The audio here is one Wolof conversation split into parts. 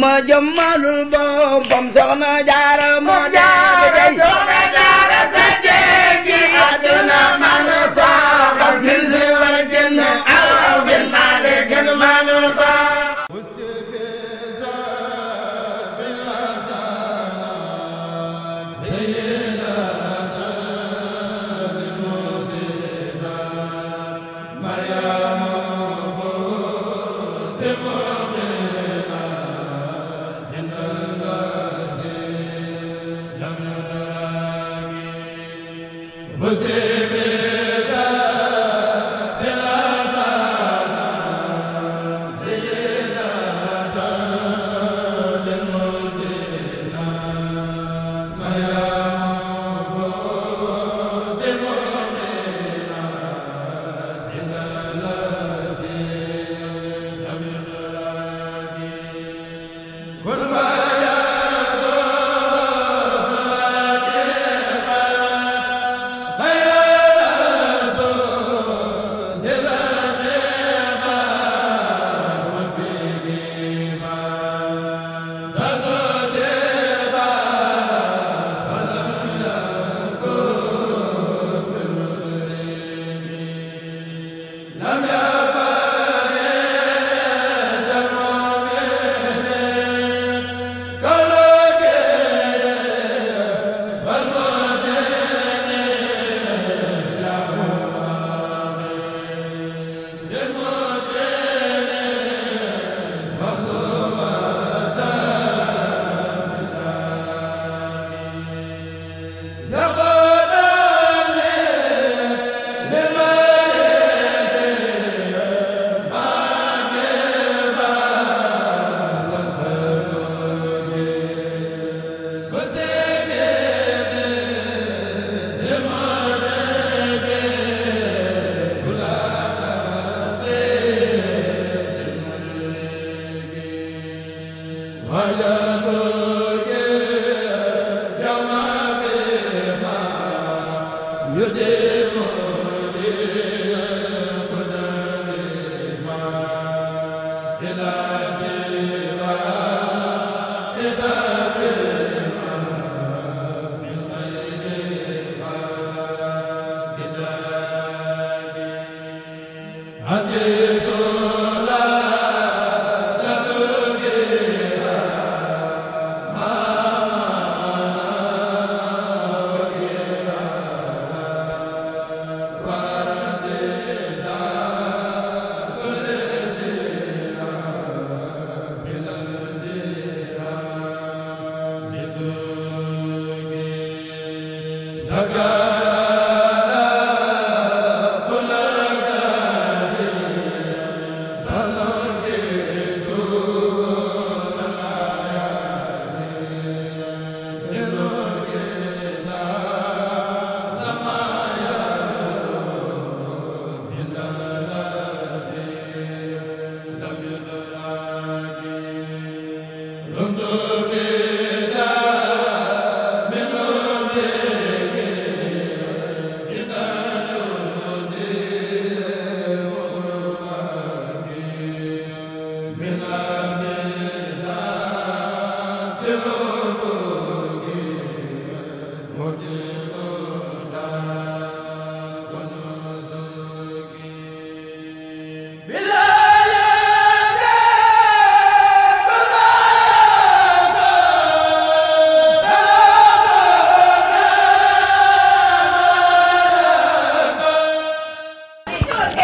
ma jëmmalul boppam soxna jaara moo José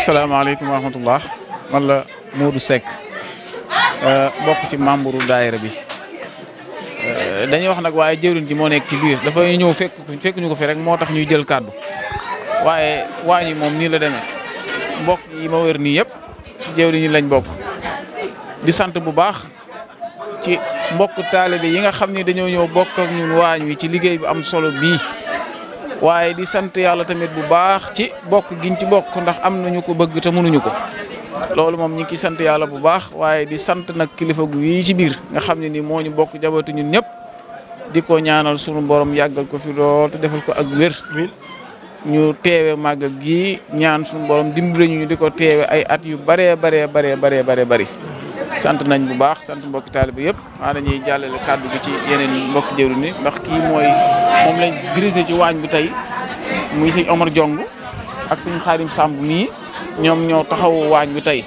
asalaamaaleykum wa rahmatullah man la Modou Seck bokk ci membre daayira bi dañuy wax nag waaye jëwriñ ji moo nekk ci biir dafa ñëw fekk fekk ñu ko fi rek moo tax ñuy jël kàddu waaye waa ñi moom nii la demee mbokk yi ma wër nii yëpp ci jëwriñ yi lañ bokk di sant bu baax ci mbokk taalibe yi nga xam ne dañoo ñëw bokk ak ñun waañ wi ci liggéey bu am solo bii waaye di sant yàlla tamit bu baax ci bokk giñ ci bokk ndax am nañu ko bëgg te mënuñu ko loolu moom ñu ngi ciy sant yàlla bu baax waaye di sant nag kilifa gu yi ci biir nga xam ne ni moo ñu bokk jabatu ñun ñëpp di ko ñaanal sunu borom yàggal ko fi lool te defal ko ak wér. ñu teewe màggal gi ñaan suñu borom dimbali ñu di ko teewe ay at yu bëree baree baree bare baree bëri sant nañ bu baax sant mbokki taalibe yëpp maa dañuy jàllale kàddu gi ci yeneen mbokki jëru ni ndax kii mooy moom lañ grisé ci waañ bi tey muy sëñ Omar Jong ak sëñ Xaarim Samb nii ñoom ñoo taxawu waañ bi tey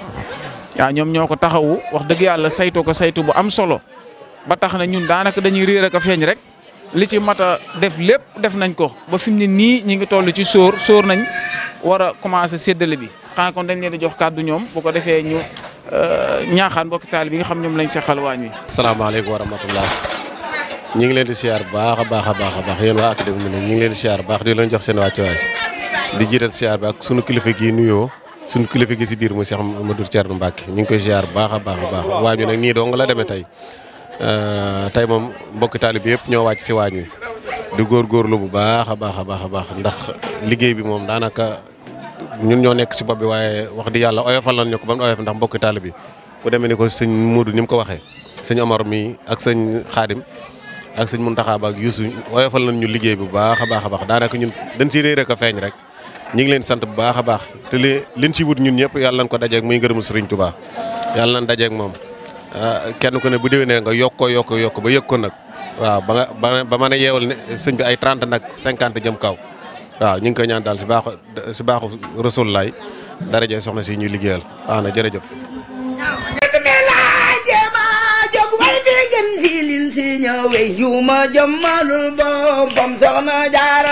waa ñoom ñoo ko taxawu wax dëgg yàlla saytu ko saytu bu am solo ba tax na ñun daanaka dañuy réer ak a feeñ rek li ci mat a def lépp def nañ ko ba fi mu ne nii ñu ngi toll ci soor soor nañ war a commencé séddale bi xanaa kon dañ leen di jox kàddu ñoom bu ko defee ñu euh, ñaaxaan mbokki taal bi nga xam ñoom lañ seqal waañ wi. asalaamaaleykum wa rahmatullah ñu ngi leen di siyaar baax a baax a baax a baax yéen waa académie bi ñu ngi leen di siyaar baax di leen jox seen wàccuwaay di jiital siyaar bi ak sunu kilifa gii nuyoo sunu kilifa gi si biir mu Cheikh Amadou Thierno Mbacke ñu ngi koy siyaar baax a baax a baax waañ wi nag nii dong Euh, tey moom mbokki taalib yëpp ñoo wàcc si waañ wi góor góorgóorlu bu baax a baax a baax a baax ndax liggéey bi moom daanaka ñun ñoo nekk si bopp bi waaye wax di yàlla oyofal nañ ñu ko ba mu ndax mbokki taalib yi ku demee ni ko sëñ Moodu ni mu ko waxee sëñ Omar mi ak sëñ Xaadim ak sëñ Muntaxa ba ak Yuusu oyofal nañ ñu liggéey bu baax a baax a baax daanaka ñun dañ si réer ak a feeñ rek ñu ngi leen sant bu baax a baax te li liñ si wut ñun ñëpp yàlla nañ ko dajeek muy ngërëmu sëriñ Tuubaa yàlla nañ dajeek moom Ah, kenn ku ne bu déwénee nga yokk ko yokk yokk ba yëg ko nag waaw ba nga ba mën a yeewal ne sëñ bi ay trente nag cinquante jëm kaw waaw ñu ngi koy ñaan daal si baaxu si baaxu rasul laay daraje soxna si ñuy liggéeyal waaw na jërëjëf. si ñëw we juma jëmmalul boppam soxna jaara